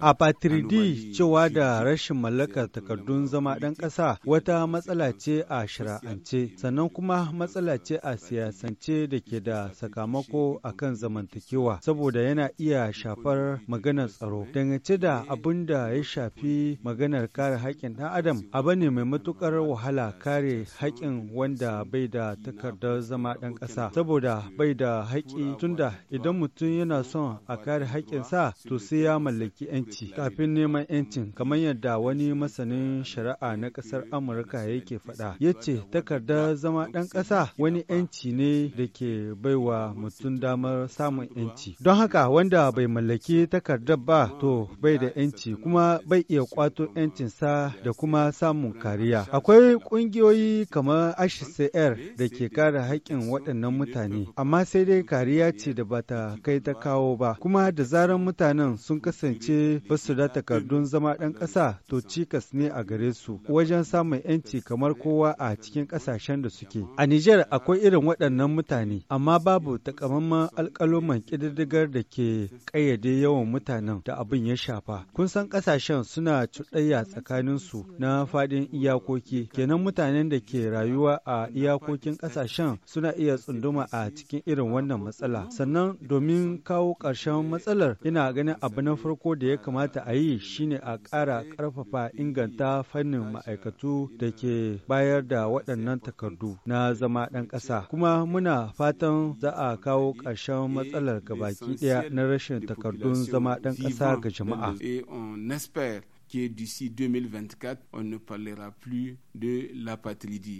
Apatridi cewa da rashin mallakar takardun zama ɗan ƙasa wata matsala ce a shari'ance sannan kuma matsala ce a siyasance da ke da sakamako a kan zamantakewa saboda yana iya shafar maganar tsaro. Dangance da abin da ya shafi maganar kare haƙƙin ɗan adam abu ne mai matuƙar wahala kare haƙƙin wanda bai da takardar zama ɗan ƙasa saboda bai da haƙƙi tunda idan mutum yana son a kare haƙƙin sa to sai ya mallaki 'yanci kafin neman 'yancin kamar yadda wani masanin shari'a na ƙasar Amurka yake faɗa. Ya ce takardar zama ɗan ƙasa wani 'yanci ne da ke baiwa mutum damar samun 'yanci. Don haka wanda bai mallaki takardar ba to bai da 'yanci kuma bai iya kwato 'yancinsa da kuma samun kariya. Akwai ƙungiyoyi kamar HCR da ke kare haƙƙin waɗannan mutane, amma sai dai kariya ce da ba ta kai ta kawo ba, kuma da zaran sauran mutanen sun kasance ba su da takardun zama ɗan ƙasa to cikas ne a gare su wajen samun 'yanci kamar kowa a cikin ƙasashen da suke. A Nijar akwai irin waɗannan mutane, amma babu takamaiman alƙaluman ƙididdigar da ke ƙayyade yawan mutanen da abin ya shafa. Kun san ƙasashen suna cuɗayya su na faɗin iyakoki, kenan mutanen da ke rayuwa a iyakokin ƙasashen suna iya tsunduma a cikin irin wannan matsala. Sannan domin kawo ƙarshen matsalar ina ganin abu na farko da ya kamata a yi shine a ƙara ƙarfafa inganta fannin ma'aikatu da ke bayar da waɗannan takardu na zama ɗan ƙasa kuma muna fatan za a kawo ƙarshen matsalar gabaki ɗaya na rashin takardun zama ɗan ƙasa ga jama'a que d'ici 2024, on ne parlera plus de l'apatridie.